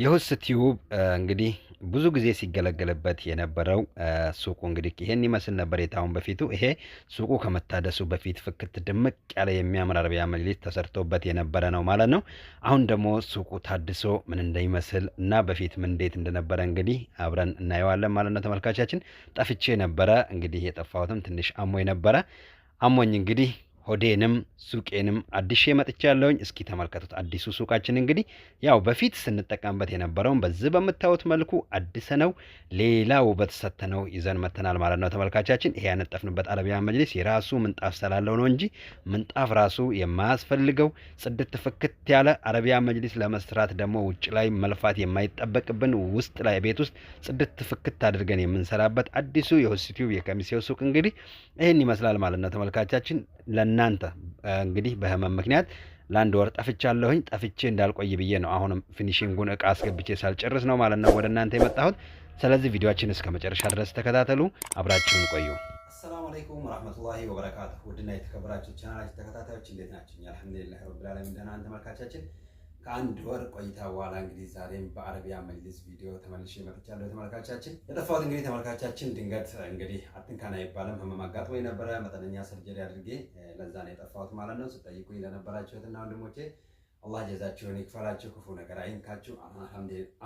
የሁስ ቲዩብ እንግዲህ ብዙ ጊዜ ሲገለገልበት የነበረው ሱቁ እንግዲህ ይሄን ይመስል ነበር። የታሁን በፊቱ ይሄ ሱቁ ከመታደሱ በፊት ፍክት ድምቅ ያለ የሚያምር አረቢያ መጅሊስ ተሰርቶበት የነበረ ነው ማለት ነው። አሁን ደግሞ ሱቁ ታድሶ ምን እንደሚመስል እና በፊት ምን እንዴት እንደነበረ እንግዲህ አብረን እናየዋለን ማለት ነው። ተመልካቻችን ጠፍቼ ነበረ እንግዲህ የጠፋሁትም ትንሽ አሞኝ ነበረ አሞኝ እንግዲህ ሆዴንም ሱቄንም አዲሼ መጥቻለሁኝ። እስኪ ተመልከቱት። አዲሱ ሱቃችን እንግዲህ ያው በፊት ስንጠቀምበት የነበረውን በዚህ በምታዩት መልኩ አዲሰ ነው ሌላ ውበት ነው ይዘን መተናል ማለት ነው ተመልካቻችን። ይሄ ያነጠፍንበት አረቢያን መጅሊስ የራሱ ምንጣፍ ስላለው ነው እንጂ ምንጣፍ ራሱ የማያስፈልገው ጽድት ፍክት ያለ አረቢያን መጅሊስ ለመስራት ደግሞ ውጭ ላይ መልፋት የማይጠበቅብን ውስጥ ላይ ቤት ውስጥ ጽድት ፍክት አድርገን የምንሰራበት አዲሱ የሆስቲቲዩብ የከሚሴው ሱቅ እንግዲህ ይህን ይመስላል ማለት ነው ተመልካቻችን። እናንተ እንግዲህ በህመም ምክንያት ለአንድ ወር ጠፍቻለሁኝ። ጠፍቼ እንዳልቆይ ብዬ ነው አሁንም ፊኒሽንጉን እቃ አስገብቼ ሳልጨርስ ነው ማለት ነው ወደ እናንተ የመጣሁት። ስለዚህ ቪዲዮችን እስከ መጨረሻ ድረስ ተከታተሉ፣ አብራችሁን ቆዩ። አሰላሙ አለይኩም ወራህመቱላሂ ወበረካቱ። ውድና የተከበራችሁ ቻናላችን ተከታታዮች እንዴት ናቸው? አልሐምዱሊላህ ረብል ዓለሚን ደህና ተመልካቻችን ከአንድ ወር ቆይታ በኋላ እንግዲህ ዛሬም በአረቢያ መጅሊስ ቪዲዮ ተመልሼ መጥቻለሁ። ተመልካቻችን የጠፋሁት እንግዲህ ተመልካቻችን ድንገት እንግዲህ አትንካን አይባልም ህመም አጋጥሞ የነበረ መጠነኛ ሰርጀሪ አድርጌ ለዛ ነው የጠፋሁት ማለት ነው። ስጠይቁኝ ለነበራችሁትና ወንድሞቼ አላህ ጀዛችሁን ይክፈላችሁ፣ ክፉ ነገር አይንካችሁ።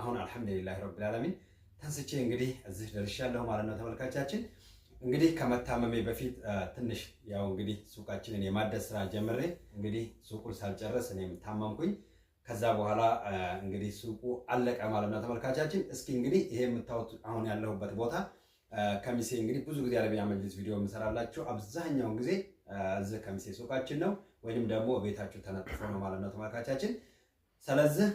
አሁን አልሐምዱሊላህ ረብልዓለሚን ዓለሚን ተንስቼ እንግዲህ እዚህ ደርሻለሁ ማለት ነው። ተመልካቻችን እንግዲህ ከመታመሜ በፊት ትንሽ ያው እንግዲህ ሱቃችንን የማደስ ስራ ጀምሬ እንግዲህ ሱቁን ሳልጨረስ እኔም ታመምኩኝ። ከዛ በኋላ እንግዲህ ሱቁ አለቀ ማለት ነው ተመልካቻችን። እስኪ እንግዲህ ይሄ የምታዩት አሁን ያለሁበት ቦታ ከሚሴ እንግዲህ ብዙ ጊዜ አረብኛ መጅሊስ ቪዲዮ የምሰራላችሁ አብዛኛውን ጊዜ እዚህ ከሚሴ ሱቃችን ነው፣ ወይንም ደግሞ ቤታችሁ ተነጥፎ ነው ማለት ነው ተመልካቻችን። ስለዚህ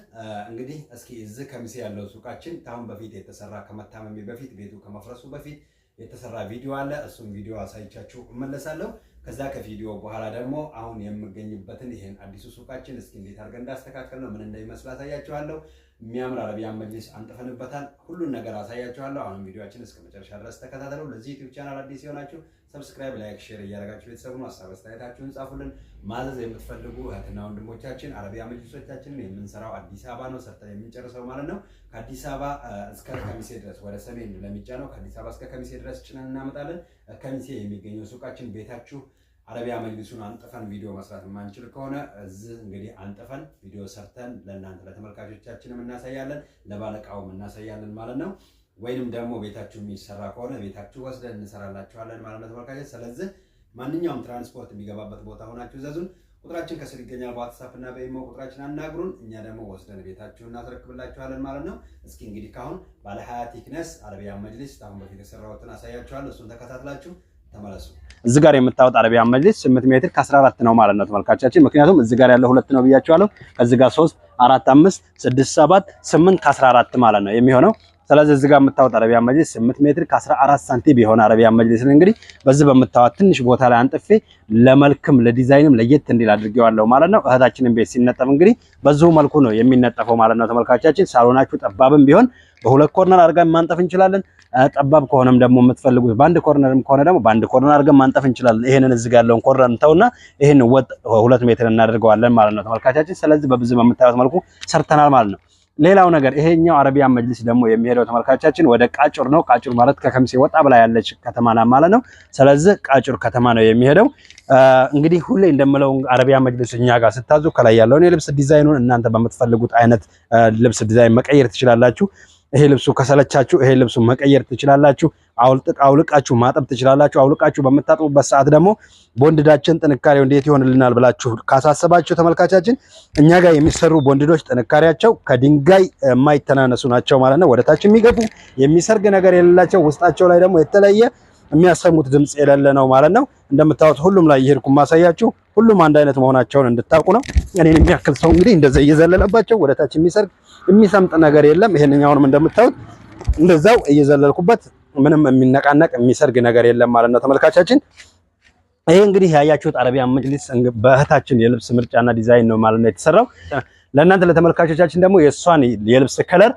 እንግዲህ እስኪ እዚህ ከሚሴ ያለው ሱቃችን ከአሁን በፊት የተሰራ ከመታመሚ በፊት ቤቱ ከመፍረሱ በፊት የተሰራ ቪዲዮ አለ። እሱም ቪዲዮ አሳይቻችሁ እመለሳለሁ። ከዛ ከቪዲዮ በኋላ ደግሞ አሁን የምገኝበትን ይህን አዲሱ ሱቃችን እስኪ እንዴት አድርገን እንዳስተካከል ነው ምን እንደሚመስል አሳያችኋለሁ። የሚያምር አረቢያን መጅሊስ አንጥፈንበታል። ሁሉን ነገር አሳያችኋለሁ። አሁንም ቪዲዮችን እስከ መጨረሻ ድረስ ተከታተሉ። ለዚህ ዩቲዩብ ቻናል አዲስ የሆናችሁ ሰብስክራይብ፣ ላይክ፣ ሼር እያደረጋችሁ ነው። ሀሳብ አስተያየታችሁን ጻፉልን። ማዘዝ የምትፈልጉ እህትና ወንድሞቻችን አረቢያ መጅሊሶቻችንን የምንሰራው አዲስ አበባ ነው፣ ሰርተን የምንጨርሰው ማለት ነው። ከአዲስ አበባ እስከ ከሚሴ ድረስ ወደ ሰሜን ለሚጫነው ከአዲስ አበባ እስከ ከሚሴ ድረስ ጭነን እናመጣለን። ከሚሴ የሚገኘው ሱቃችን ቤታችሁ አረቢያ መጅሊሱን አንጥፈን ቪዲዮ መስራት የማንችል ከሆነ እዚህ እንግዲህ አንጥፈን ቪዲዮ ሰርተን ለእናንተ ለተመልካቾቻችንም እናሳያለን፣ ለባለቃውም እናሳያለን ማለት ነው። ወይንም ደግሞ ቤታችሁ የሚሰራ ከሆነ ቤታችሁ ወስደን እንሰራላችኋለን ማለት ነው ተመልካቾች። ስለዚህ ማንኛውም ትራንስፖርት የሚገባበት ቦታ ሆናችሁ ዘዙን። ቁጥራችን ከስር ይገኛል። በዋትሳፕ እና በኢሞ ቁጥራችን አናግሩን። እኛ ደግሞ ወስደን ቤታችሁ እናስረክብላችኋለን ማለት ነው። እስኪ እንግዲህ ካሁን ባለ ሀያ ቲክነስ አረቢያ መጅሊስ አሁን በፊት የሰራሁትን አሳያችኋለሁ። እሱን ተከታትላችሁ እዚህ ጋር የምታወጥ አረቢያ መጅሊስ 8 ሜትር ከ14 ነው ማለት ነው ተመልካቻችን። ምክንያቱም እዚህ ጋር ያለው ሁለት ነው ብያቸዋለሁ። ከዚህ ጋር 3 4 5 6 7 8 ከ14 ማለት ነው የሚሆነው ስለዚህ እዚህ ጋር የምታወጥ አረቢያን መጅሊስ 8 ሜትር ከ14 ሳንቲም የሆነ አረቢያን መጅሊስ ነው። እንግዲህ በዚህ በምታወጥ ትንሽ ቦታ ላይ አንጥፌ ለመልክም ለዲዛይንም ለየት እንዲል አድርጌዋለሁ ማለት ነው። እህታችንን ቤት ሲነጠፍ እንግዲህ በዚሁ መልኩ ነው የሚነጠፈው ማለት ነው። ተመልካቻችን ሳሎናችሁ ጠባብም ቢሆን በሁለት ኮርነር አድርገን ማንጠፍ እንችላለን። ጠባብ ከሆነም ደግሞ የምትፈልጉት በአንድ ኮርነርም ከሆነ ደግሞ በአንድ ኮርነር አድርገን ማንጠፍ እንችላለን። ይህንን እዚህ ጋር ያለውን ኮርነር እንተውና ይሄን ወጥ ሁለት ሜትር እናደርገዋለን ማለት ነው ተመልካቻችን። ስለዚህ በብዙ በምታዩት መልኩ ሰርተናል ማለት ነው። ሌላው ነገር ይሄኛው አረቢያን መጅሊስ ደግሞ የሚሄደው ተመልካቻችን ወደ ቃጭር ነው። ቃጭር ማለት ከከሚሴ ወጣ ብላ ያለች ከተማ ማለት ነው። ስለዚህ ቃጭር ከተማ ነው የሚሄደው። እንግዲህ ሁሌ እንደምለው አረቢያን መጅሊስ እኛ ጋር ስታዙ ከላይ ያለውን የልብስ ዲዛይኑን እናንተ በምትፈልጉት አይነት ልብስ ዲዛይን መቀየር ትችላላችሁ። ይሄ ልብሱ ከሰለቻችሁ ይሄ ልብሱ መቀየር ትችላላችሁ። አውልቃችሁ ማጠብ ትችላላችሁ። አውልቃችሁ በምታጥቡበት ሰዓት ደግሞ ቦንድዳችን ጥንካሬው እንዴት ይሆንልናል ብላችሁ ካሳሰባችሁ ተመልካቻችን፣ እኛ ጋር የሚሰሩ ቦንድዶች ጥንካሬያቸው ከድንጋይ የማይተናነሱ ናቸው ማለት ነው። ወደታች የሚገፉ የሚሰርግ ነገር የሌላቸው ውስጣቸው ላይ ደግሞ የተለየ የሚያሰሙት ድምፅ የሌለ ነው ማለት ነው። እንደምታዩት ሁሉም ላይ ይሄድኩ ማሳያችሁ ሁሉም አንድ አይነት መሆናቸውን እንድታውቁ ነው። እኔን የሚያክል ሰው እንግዲህ እንደዚህ እየዘለለባቸው ወደታች የሚሰርግ የሚሰምጥ ነገር የለም። ይሄንኛውንም እንደምታዩት እንደዛው እየዘለልኩበት ምንም የሚነቃነቅ የሚሰርግ ነገር የለም ማለት ነው ተመልካቻችን። ይሄ እንግዲህ ያያችሁት አረቢያን መጅሊስ በእህታችን የልብስ ምርጫና ዲዛይን ነው ማለት ነው የተሰራው። ለእናንተ ለተመልካቾቻችን ደግሞ የእሷን የልብስ ከለር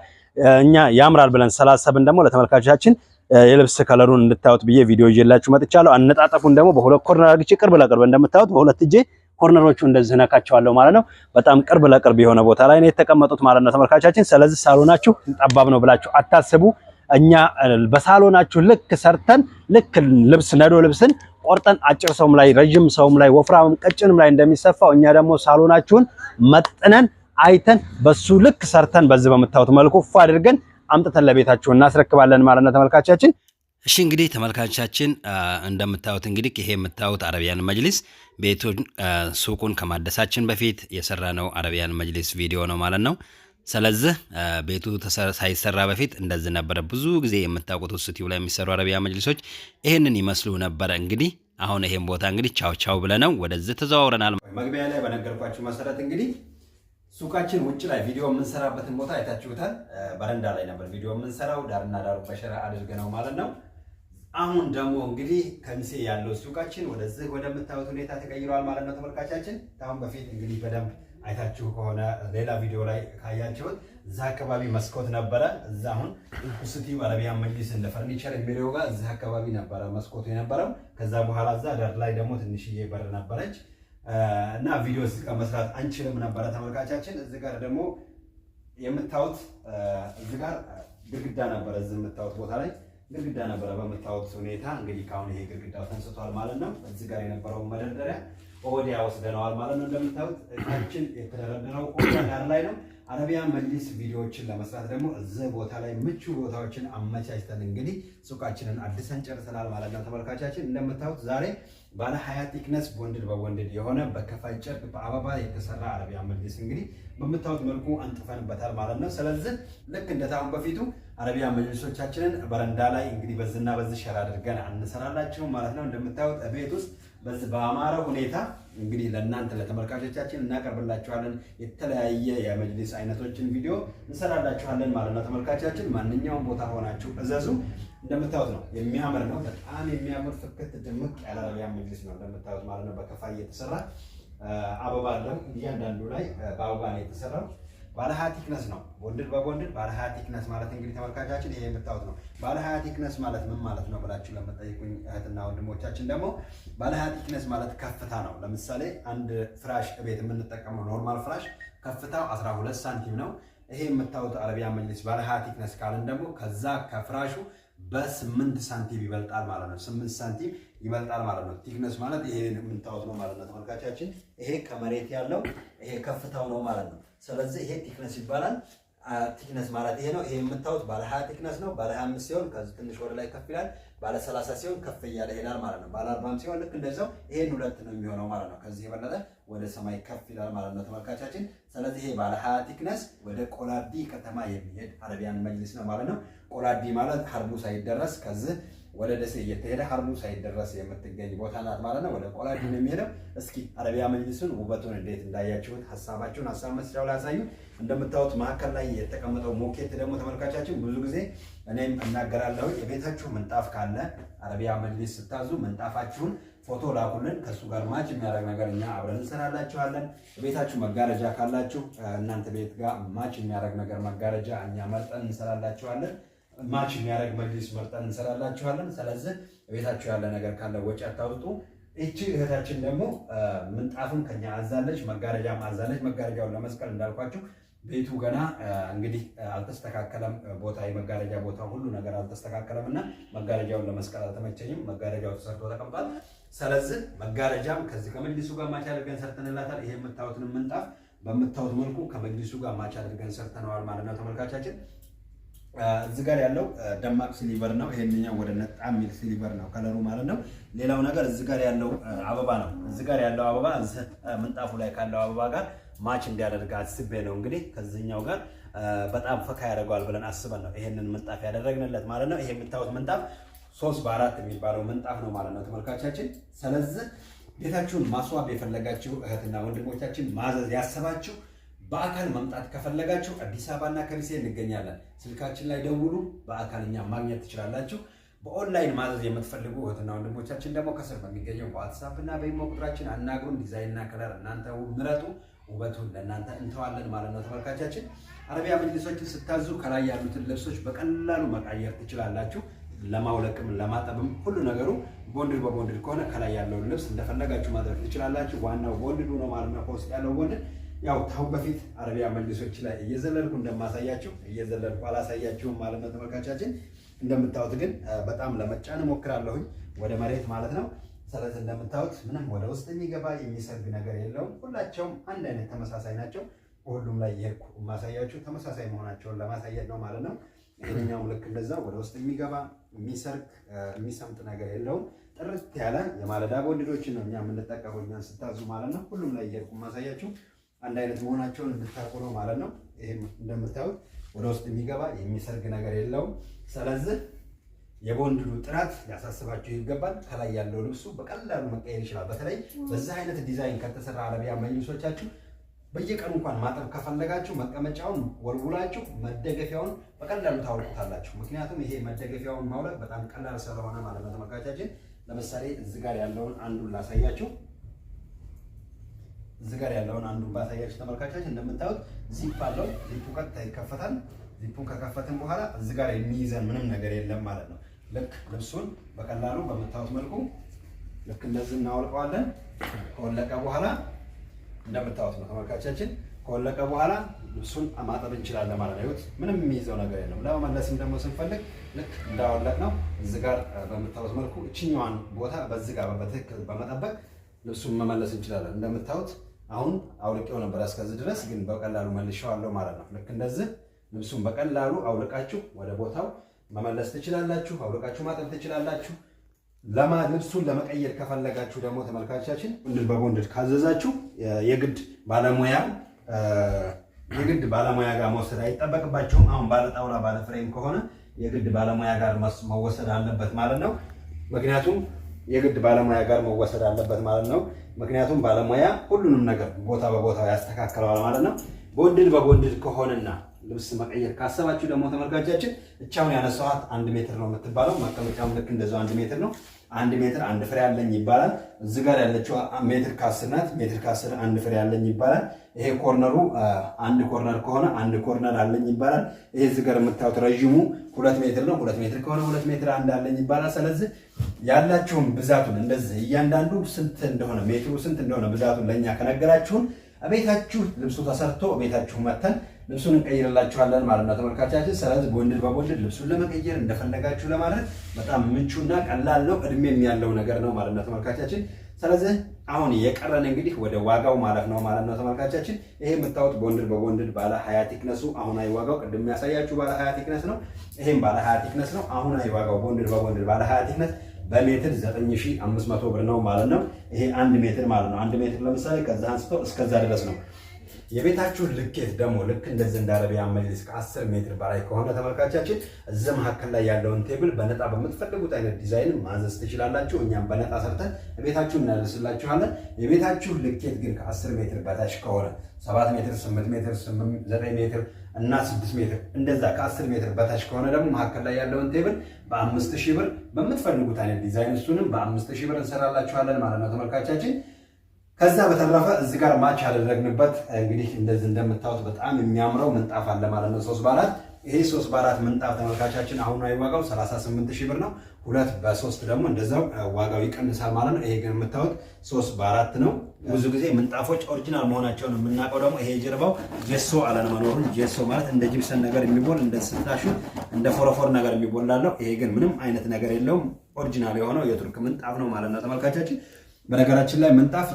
እኛ ያምራል ብለን ስላሰብን ደግሞ ለተመልካቾቻችን የልብስ ከለሩን እንድታዩት ብዬ ቪዲዮ ይዤላችሁ መጥቻለሁ። አነጣጠፉን ደግሞ በሁለት ኮርነር አድርጌ ቅርብ ለቅርብ እንደምታዩት በሁለት እጄ ኮርነሮቹ እንደዚህ ነካቸዋለሁ ማለት ነው። በጣም ቅርብ ለቅርብ የሆነ ቦታ ላይ ነው የተቀመጡት ማለት ነው ተመልካቻችን። ስለዚህ ሳሎናችሁ ጠባብ ነው ብላችሁ አታስቡ። እኛ በሳሎናችሁ ልክ ሰርተን ልክ ልብስ ነዶ ልብስን ቆርጠን አጭር ሰውም ላይ ረዥም ሰውም ላይ ወፍራምም ቀጭንም ላይ እንደሚሰፋው እኛ ደግሞ ሳሎናችሁን መጥነን አይተን በሱ ልክ ሰርተን በዚህ በምታዩት መልኩ ፎ አድርገን አምጥተን ለቤታችሁ እናስረክባለን ማለት ነው ተመልካቻችን። እሺ እንግዲህ ተመልካቻችን እንደምታዩት እንግዲህ ይሄ የምታዩት አረቢያን መጅሊስ ቤቱን ሱቁን ከማደሳችን በፊት የሰራነው አረቢያን መጅሊስ ቪዲዮ ነው ማለት ነው። ስለዚህ ቤቱ ሳይሰራ በፊት እንደዚህ ነበረ። ብዙ ጊዜ የምታውቁት ውስጥ ላይ የሚሰሩ አረቢያ መጅሊሶች ይህንን ይመስሉ ነበረ። እንግዲህ አሁን ይሄን ቦታ እንግዲህ ቻው ቻው ነው ወደዚህ ተዘዋውረናል። መግቢያ ላይ በነገርኳችሁ መሰረት እንግዲህ ሱቃችን ውጭ ላይ ቪዲዮ የምንሰራበትን ቦታ አይታችሁታል። በረንዳ ላይ ነበር ቪዲዮ የምንሰራው፣ ዳርና ዳሩ በሸራ አድርገ ነው ማለት ነው። አሁን ደግሞ እንግዲህ ከሚሴ ያለው ሱቃችን ወደዚህ ወደምታዩት ሁኔታ ተቀይረዋል ማለት ነው ተመልካቻችን። አሁን በፊት እንግዲህ በደንብ አይታችሁ ከሆነ ሌላ ቪዲዮ ላይ ካያችሁት እዛ አካባቢ መስኮት ነበረ። እዛ አሁን ኢንኩስቲ አረቢያን መጅሊስ እንደ ፈርኒቸር የሚለው ጋር እዛ አካባቢ ነበረ መስኮቱ የነበረው። ከዛ በኋላ እዛ ዳር ላይ ደግሞ ትንሽዬ በር ነበረች እና ቪዲዮ እዚህ ጋር መስራት አንችልም ነበረ ተመልካቻችን። እዚህ ጋር ደግሞ የምታዩት እዚህ ጋር ግድግዳ ነበረ እዚህ የምታዩት ቦታ ላይ ግድግዳ ነበረ። በምታወቅ ሁኔታ እንግዲህ ከአሁን ይሄ ግድግዳው ተንስቷል ማለት ነው። እዚህ ጋር የነበረውን መደርደሪያ ወዲያ ወስደነዋል ማለት ነው። እንደምታዩት እቃችን የተደረደረው ዳር ላይ ነው። አረቢያን መጅሊስ ቪዲዮዎችን ለመስራት ደግሞ እዚህ ቦታ ላይ ምቹ ቦታዎችን አመቻችተን እንግዲህ ሱቃችንን አድሰን ጨርሰናል ማለት ነው። ተመልካቻችን እንደምታዩት ዛሬ ባለ ሀያ ቲክነስ ወንድድ በወንድድ የሆነ በከፋይ ጨርቅ በአበባ የተሰራ አረቢያን መጅሊስ እንግዲህ በምታዩት መልኩ አንጥፈንበታል ማለት ነው። ስለዚህ ልክ እንደታሁን በፊቱ አረቢያ መጅልሶቻችንን በረንዳ ላይ እንግዲህ በዝና በዝ ሸር አድርገን አንሰራላችሁም ማለት ነው። እንደምታዩት ቤት ውስጥ በዚህ በአማረ ሁኔታ እንግዲህ ለእናንተ ለተመልካቾቻችን እናቀርብላችኋለን። የተለያየ የመጅሊስ አይነቶችን ቪዲዮ እንሰራላችኋለን ማለት ነው። ተመልካቾቻችን ማንኛውም ቦታ ሆናችሁ እዘዙ። እንደምታዩት ነው፣ የሚያምር ነው። በጣም የሚያምር ፍክት ድምቅ ያለ አረቢያ መጅሊስ ነው እንደምታዩት ማለት ነው። በከፋ እየተሰራ አበባ አለው እያንዳንዱ ላይ በአበባ ነው የተሰራው። ባለ ቲክነስ ነው። ቦንድድ በቦንድድ ባለ ቲክነስ ማለት እንግዲህ ተመልካቻችን ይሄ የምታዩት ነው። ባለ ቲክነስ ማለት ምን ማለት ነው ብላችሁ ለምጠይቁኝ እህትና ወንድሞቻችን ደግሞ ባለ ቲክነስ ማለት ከፍታ ነው። ለምሳሌ አንድ ፍራሽ ቤት የምንጠቀመው ኖርማል ፍራሽ ከፍታው 12 ሳንቲም ነው። ይሄ የምታዩት አረቢያ መጅሊስ ባለ ቲክነስ ካልን ደግሞ ከዛ ከፍራሹ በስምንት ሳንቲም ይበልጣል ማለት ነው። ስምንት ሳንቲም ይበልጣል ማለት ነው። ቲክነስ ማለት ይሄ የምታወት ነው ማለት ነው። ተመልካቻችን ይሄ ከመሬት ያለው ይሄ ከፍታው ነው ማለት ነው። ስለዚህ ይሄ ቲክነስ ይባላል። ቲክነስ ማለት ይሄ ነው። ይሄ የምታወት ባለ 20 ቲክነስ ነው። ባለ 25 ሲሆን ከዚህ ትንሽ ወደ ላይ ከፍ ይላል። ባለ 30 ሲሆን ከፍ እያለ ይሄዳል ማለት ነው። ባለ 40 ሲሆን ልክ እንደዛው ይሄን ሁለት ነው የሚሆነው ማለት ነው። ከዚህ የበለጠ ወደ ሰማይ ከፍ ይላል ማለት ነው ተመልካቻችን። ስለዚህ ይሄ ባለ ሀያ ቲክነስ ወደ ቆላዲ ከተማ የሚሄድ አረቢያን መጅሊስ ነው ማለት ነው። ቆላዲ ማለት ሀርቡ ሳይደረስ ከዚህ ወደ ደሴ እየተሄደ ሀርሙ ሳይደረስ የምትገኝ ቦታ ናት ማለት ነው። ወደ ቆላዲ የሚሄደው። እስኪ አረቢያ መጅልሱን ውበቱን እንዴት እንዳያችሁት ሀሳባችሁን ሀሳብ መስጫው ላይ ያሳዩ። እንደምታዩት መካከል ላይ የተቀመጠው ሞኬት ደግሞ ተመልካቻችን ብዙ ጊዜ እኔም እናገራለሁ። የቤታችሁ ምንጣፍ ካለ አረቢያ መጅሊስ ስታዙ ምንጣፋችሁን ፎቶ ላኩልን። ከእሱ ጋር ማች የሚያደርግ ነገር እኛ አብረን እንሰራላችኋለን። ቤታችሁ መጋረጃ ካላችሁ እናንተ ቤት ጋር ማች የሚያደርግ ነገር መጋረጃ እኛ መርጠን እንሰራላችኋለን። ማች የሚያደርግ መጅሊስ መርጠን እንሰራላችኋለን። ስለዚህ ቤታችሁ ያለ ነገር ካለ ወጪ አታውጡ። እቺ እህታችን ደግሞ ምንጣፍም ከኛ አዛለች፣ መጋረጃም አዛለች። መጋረጃውን ለመስቀል እንዳልኳችሁ ቤቱ ገና እንግዲህ አልተስተካከለም። ቦታ የመጋረጃ ቦታ ሁሉ ነገር አልተስተካከለም እና መጋረጃውን ለመስቀል አልተመቸኝም። መጋረጃው ተሰርቶ ተቀምጧል። ስለዚህ መጋረጃም ከዚህ ከመጅሊሱ ጋር ማች አድርገን ሰርተንላታል። ይሄ የምታዩትን ምንጣፍ በምታዩት መልኩ ከመጅሊሱ ጋር ማች አድርገን ሰርተነዋል ማለት ነው ተመልካቻችን። እዚህ ጋር ያለው ደማቅ ሲሊቨር ነው። ይሄንኛው ወደ ነጣ የሚል ሲሊቨር ነው ከለሩ ማለት ነው። ሌላው ነገር እዚህ ጋር ያለው አበባ ነው። እዚህ ጋር ያለው አበባ ምንጣፉ ላይ ካለው አበባ ጋር ማች እንዲያደርግ አስቤ ነው እንግዲህ ከዚህኛው ጋር በጣም ፈካ ያደርገዋል ብለን አስበን ነው ይሄንን ምንጣፍ ያደረግንለት ማለት ነው። ይሄ የምታዩት ምንጣፍ ሶስት በአራት የሚባለው ምንጣፍ ነው ማለት ነው ተመልካቻችን። ስለዚህ ቤታችሁን ማስዋብ የፈለጋችሁ እህትና ወንድሞቻችን ማዘዝ ያሰባችሁ በአካል መምጣት ከፈለጋችሁ አዲስ አበባና ከሚሴ እንገኛለን። ስልካችን ላይ ደውሉ፣ በአካል እኛ ማግኘት ትችላላችሁ። በኦንላይን ማዘዝ የምትፈልጉ እህትና ወንድሞቻችን ደግሞ ከስር በሚገኘው በዋትሳፕ እና በኢሞ ቁጥራችን አናግሩን። ዲዛይንና ከለር እናንተ ምረጡ፣ ውበቱን ለእናንተ እንተዋለን ማለት ነው። ተመልካቻችን አረቢያ መጅሊሶችን ስታዙ ከላይ ያሉትን ልብሶች በቀላሉ መቃየር ትችላላችሁ። ለማውለቅም ለማጠብም ሁሉ ነገሩ ቦንድድ በቦንድድ ከሆነ ከላይ ያለውን ልብስ እንደፈለጋችሁ ማድረግ ትችላላችሁ። ዋናው ቦንድዱ ነው ማለት ነው። ከውስጥ ያለው ቦንድድ ያው ታሁን በፊት አረቢያ መልሶች ላይ እየዘለልኩ እንደማሳያችሁ እየዘለልኩ አላሳያችሁም ማለት ነው ተመልካቻችን። እንደምታዩት ግን በጣም ለመጫን ሞክራለሁኝ ወደ መሬት ማለት ነው። ስለዚህ እንደምታዩት ምንም ወደ ውስጥ የሚገባ የሚሰርግ ነገር የለውም። ሁላቸውም አንድ አይነት ተመሳሳይ ናቸው። ሁሉም ላይ የሄድኩ ማሳያችሁ ተመሳሳይ መሆናቸውን ለማሳየት ነው ማለት ነው። ይህኛውም ልክ እንደዛ ወደ ውስጥ የሚገባ የሚሰርግ የሚሰምጥ ነገር የለውም። ጥርት ያለ የማለዳ ቦንድዶችን ነው እኛ የምንጠቀመው እኛን ስታዙ ማለት ነው። ሁሉም ላይ እየሄድኩ ማሳያችሁ አንድ አይነት መሆናቸውን እንድታውቁ ነው ማለት ነው። ይህም እንደምታዩት ወደ ውስጥ የሚገባ የሚሰርግ ነገር የለውም። ስለዚህ የቦንድዱ ጥራት ሊያሳስባችሁ ይገባል። ከላይ ያለው ልብሱ በቀላሉ መቀየር ይችላል። በተለይ በዚህ አይነት ዲዛይን ከተሰራ አረቢያ መጅልሶቻችሁ በየቀኑ እንኳን ማጠብ ከፈለጋችሁ መቀመጫውን ወልውላችሁ መደገፊያውን በቀላሉ ታወልቁታላችሁ። ምክንያቱም ይሄ መደገፊያውን ማውለቅ በጣም ቀላል ስለሆነ ማለት ነው። ተመልካቻችን ለምሳሌ እዚህ ጋር ያለውን አንዱን ላሳያችሁ። እዚህ ጋር ያለውን አንዱ ባሳያችሁ ተመልካቻችን፣ እንደምታዩት ዚፕ አለው። ዚፑ ቀጥታ ይከፈታል። ዚፑን ከከፈትን በኋላ እዚህ ጋር የሚይዘን ምንም ነገር የለም ማለት ነው። ልክ ልብሱን በቀላሉ በምታዩት መልኩ ልክ እንደዚህ እናወልቀዋለን። ከወለቀ በኋላ እንደምታዩት ነው ተመልካቻችን፣ ከወለቀ በኋላ ልብሱን ማጠብ እንችላለን ማለት ነው። ምንም የሚይዘው ነገር የለም። ለመመለስም ደግሞ ስንፈልግ ልክ እንዳወለቅ ነው እዚህ ጋር በምታዩት መልኩ እችኛዋን ቦታ በዚህ ጋር በትክክል በመጠበቅ ልብሱን መመለስ እንችላለን እንደምታዩት አሁን አውልቄው ነበር እስከዚህ ድረስ ግን በቀላሉ አለው ማለት ነው። ልክ እንደዚህ ልብሱን በቀላሉ አውልቃችሁ ወደ ቦታው መመለስ ትችላላችሁ። አውልቃችሁ ማጠብ ትችላላችሁ። ለማ ልብሱን ለመቀየር ከፈለጋችሁ ደግሞ ተመልካቾቻችን ቦንድድ በቦንድድ ካዘዛችሁ የግድ ባለሙያ የግድ ባለሙያ ጋር መውሰድ አይጠበቅባችሁም። አሁን ባለጣውላ ባለፍሬም ከሆነ የግድ ባለሙያ ጋር መወሰድ አለበት ማለት ነው ምክንያቱም የግድ ባለሙያ ጋር መወሰድ አለበት ማለት ነው። ምክንያቱም ባለሙያ ሁሉንም ነገር ቦታ በቦታ ያስተካክለዋል ማለት ነው። ጎንድል በጎንድል ከሆነና ልብስ መቀየር ካሰባችሁ ደግሞ ተመልካቻችን እቻውን ያነሳኋት አንድ ሜትር ነው የምትባለው። መቀመጫውም ልክ እንደዛው አንድ ሜትር ነው። አንድ ሜትር አንድ ፍሬ አለኝ ይባላል። እዚህ ጋር ያለችው ሜትር ከአስር ናት። ሜትር ከአስር አንድ ፍሬ አለኝ ይባላል። ይሄ ኮርነሩ አንድ ኮርነር ከሆነ አንድ ኮርነር አለኝ ይባላል። ይሄ እዚህ ጋር የምታዩት ረዥሙ ሁለት ሜትር ነው። ሁለት ሜትር ከሆነ ሁለት ሜትር አንድ አለኝ ይባላል። ስለዚህ ያላችሁን ብዛቱን እንደዚህ እያንዳንዱ ስንት እንደሆነ ሜትሩ ስንት እንደሆነ ብዛቱን ለእኛ ከነገራችሁን ቤታችሁ ልብሱ ተሰርቶ ቤታችሁ መተን ልብሱን እንቀይርላችኋለን ማለት ነው ተመልካቻችን። ስለዚህ ጎንድል በጎንድል ልብሱን ለመቀየር እንደፈለጋችሁ ለማድረግ በጣም ምቹና ቀላል ነው፣ እድሜም ያለው ነገር ነው ማለት ነው ተመልካቻችን። ስለዚህ አሁን የቀረን እንግዲህ ወደ ዋጋው ማለት ነው ማለት ነው ተመልካቻችን። ይሄ የምታዩት ጎንድል በጎንድል ባለ ሀያ ቲክነሱ አይ ዋጋው ቅድም ያሳያችሁ ባለ ሀያ ቲክነስ ነው። ይሄም ባለ ሀያ ቲክነስ ነው። አይ ዋጋው ጎንድል በጎንድል ባለ ሀያ ቲክነስ በሜትር 9500 ብር ነው ማለት ነው። ይሄ አንድ ሜትር ማለት ነው። አንድ ሜትር ለምሳሌ ከዛ አንስቶ እስከዛ ድረስ ነው የቤታችሁን ልኬት ደግሞ ልክ እንደዚህ እንደ አረቢያ ከ10 ሜትር በላይ ከሆነ ተመልካቻችን እዚህ መካከል ላይ ያለውን ቴብል በነጣ በምትፈልጉት አይነት ዲዛይን ማዘዝ ትችላላችሁ። እኛም በነጣ ሰርተን ቤታችሁ እናደርስላችኋለን። የቤታችሁ ልኬት ግን ከ10 ሜትር በታች ከሆነ 7 ሜትር፣ 8 ሜትር፣ 9 ሜትር እና 6 ሜትር እንደዛ ከ10 ሜትር በታች ከሆነ ደግሞ መካከል ላይ ያለውን ቴብል በ5000 ብር በምትፈልጉት አይነት ዲዛይን እሱንም በ5000 ብር እንሰራላችኋለን ማለት ነው ተመልካቻችን ከዛ በተረፈ እዚህ ጋር ማች ያደረግንበት እንግዲህ እንደዚህ እንደምታዩት በጣም የሚያምረው ምንጣፍ አለ ማለት ነው። ሶስት በአራት ይሄ ሶስት በአራት ምንጣፍ ተመልካቻችን አሁን ዋጋው 38 ሺህ ብር ነው። ሁለት በሶስት ደግሞ እንደዛው ዋጋው ይቀንሳል ማለት ነው። ይሄ ግን የምታዩት ሶስት በአራት ነው። ብዙ ጊዜ ምንጣፎች ኦሪጂናል መሆናቸውን የምናውቀው ደግሞ ይሄ ጀርባው ጀሶ አለመኖሩን ጀሶ ማለት እንደ ጅብሰን ነገር የሚቦል እንደ ስታሹ እንደ ፎረፎር ነገር የሚቦላለው ይሄ ግን ምንም አይነት ነገር የለውም። ኦሪጂናል የሆነው የቱርክ ምንጣፍ ነው ማለት ነው ተመልካቻችን በነገራችን ላይ ምንጣፍ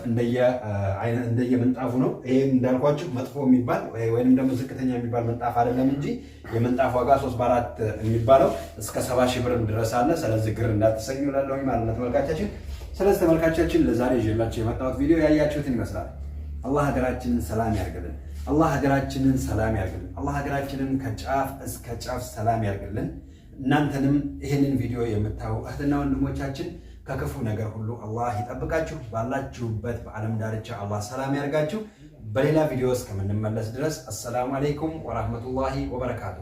እንደየምንጣፉ ነው። ይሄ እንዳልኳችሁ መጥፎ የሚባል ወይም ደግሞ ዝቅተኛ የሚባል ምንጣፍ አይደለም እንጂ የምንጣፍ ዋጋ ሶስት በአራት የሚባለው እስከ ሰባ ሺህ ብርም ድረስ አለ። ስለዚህ ግር እንዳትሰኙ እላለሁኝ ማለት ነው ተመልካቻችን። ስለዚህ ተመልካቻችን ለዛሬ ይዤላችሁ የመጣሁት ቪዲዮ ያያችሁትን ይመስላል። አላህ ሀገራችንን ሰላም ያርግልን። አላህ ሀገራችንን ሰላም ያርግልን። አላህ ሀገራችንን ከጫፍ እስከ ጫፍ ሰላም ያርግልን። እናንተንም ይህንን ቪዲዮ የምታዩ እህትና ወንድሞቻችን ከክፉ ነገር ሁሉ አላህ ይጠብቃችሁ። ባላችሁበት በዓለም ዳርቻ አላህ ሰላም ያርጋችሁ። በሌላ ቪዲዮ እስከምንመለስ ድረስ አሰላሙ አለይኩም ወራህመቱላሂ ወበረካቱ።